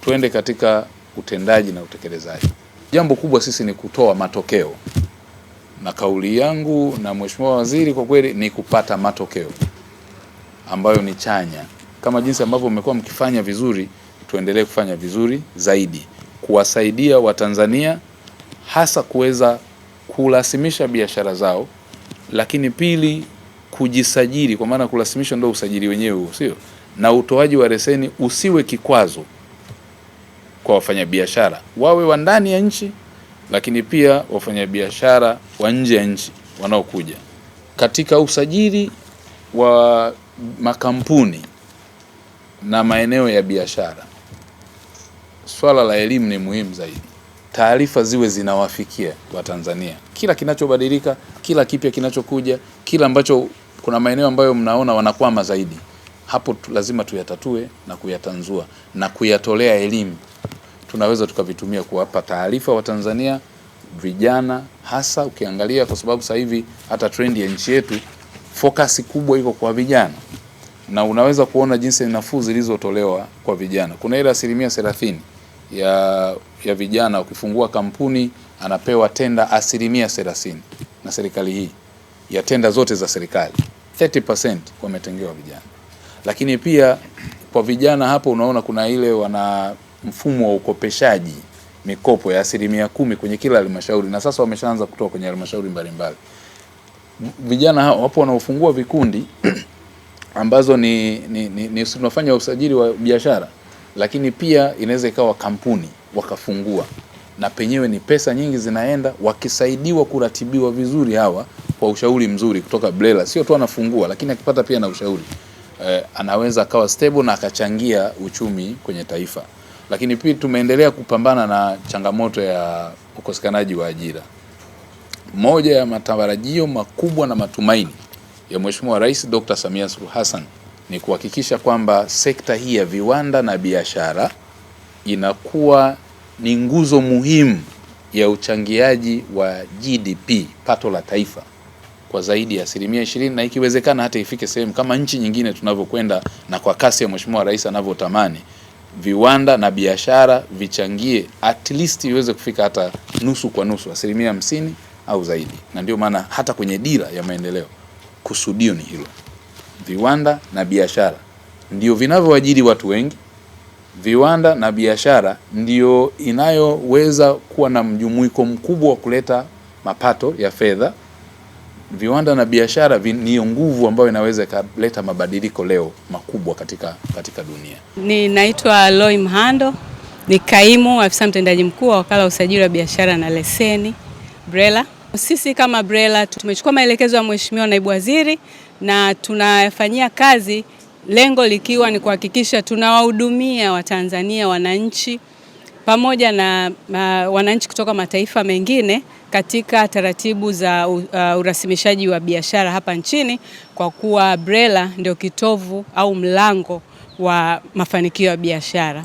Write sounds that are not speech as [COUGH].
tuende katika utendaji na utekelezaji. Jambo kubwa sisi ni kutoa matokeo, na kauli yangu na mheshimiwa waziri kwa kweli ni kupata matokeo ambayo ni chanya, kama jinsi ambavyo mmekuwa mkifanya vizuri, tuendelee kufanya vizuri zaidi, kuwasaidia Watanzania hasa kuweza kurasimisha biashara zao, lakini pili kujisajili, kwa maana kurasimisha ndio usajili wenyewe huo, sio na utoaji wa leseni usiwe kikwazo kwa wafanyabiashara wawe wa ndani ya nchi, lakini pia wafanyabiashara wa nje ya nchi wanaokuja. Katika usajili wa makampuni na maeneo ya biashara, swala la elimu ni muhimu zaidi. Taarifa ziwe zinawafikia Watanzania, kila kinachobadilika, kila kipya kinachokuja, kila ambacho, kuna maeneo ambayo mnaona wanakwama zaidi, hapo lazima tuyatatue na kuyatanzua na kuyatolea elimu tunaweza tukavitumia kuwapa taarifa Watanzania vijana, hasa ukiangalia, kwa sababu sasa hivi hata trendi ya nchi yetu focus kubwa iko kwa vijana, na unaweza kuona jinsi nafuu zilizotolewa kwa vijana. Kuna ile asilimia thelathini ya, ya vijana, ukifungua kampuni anapewa tenda asilimia thelathini na serikali hii ya tenda zote za serikali 30% wametengewa vijana, lakini pia kwa vijana hapo unaona kuna ile wana mfumo wa ukopeshaji mikopo ya asilimia kumi kwenye kila halmashauri, na sasa wameshaanza kutoa kwenye halmashauri mbalimbali. Vijana hao wapo wanaofungua vikundi [CLEARS THROAT] ambazo ni, ni, ni, ni tunafanya usajili wa biashara, lakini pia inaweza ikawa kampuni wakafungua, na penyewe ni pesa nyingi zinaenda, wakisaidiwa kuratibiwa vizuri hawa kwa ushauri mzuri kutoka BRELA. Sio tu anafungua, lakini akipata pia na ushauri eh, anaweza akawa stable na akachangia uchumi kwenye taifa. Lakini pia tumeendelea kupambana na changamoto ya ukosekanaji wa ajira. Moja ya matarajio makubwa na matumaini ya Mheshimiwa Rais Dr. Samia Suluhu Hassan ni kuhakikisha kwamba sekta hii ya viwanda na biashara inakuwa ni nguzo muhimu ya uchangiaji wa GDP, pato la taifa kwa zaidi ya asilimia ishirini na ikiwezekana hata ifike sehemu kama nchi nyingine tunavyokwenda na kwa kasi ya Mheshimiwa Rais anavyotamani viwanda na biashara vichangie at least iweze kufika hata nusu kwa nusu, asilimia hamsini au zaidi. Na ndio maana hata kwenye dira ya maendeleo kusudio ni hilo, viwanda na biashara ndio vinavyoajiri watu wengi. Viwanda na biashara ndio inayoweza kuwa na mjumuiko mkubwa wa kuleta mapato ya fedha viwanda na biashara ni nguvu ambayo inaweza ikaleta mabadiliko leo makubwa katika, katika dunia. Ninaitwa Loi Mhando, ni kaimu afisa mtendaji mkuu wa wakala wa usajili wa biashara na leseni BRELA. Sisi kama BRELA tumechukua maelekezo ya Mheshimiwa Naibu Waziri na tunafanyia kazi, lengo likiwa ni kuhakikisha tunawahudumia Watanzania wananchi pamoja na wananchi kutoka mataifa mengine katika taratibu za uh, urasimishaji wa biashara hapa nchini, kwa kuwa BRELA ndio kitovu au mlango wa mafanikio ya biashara.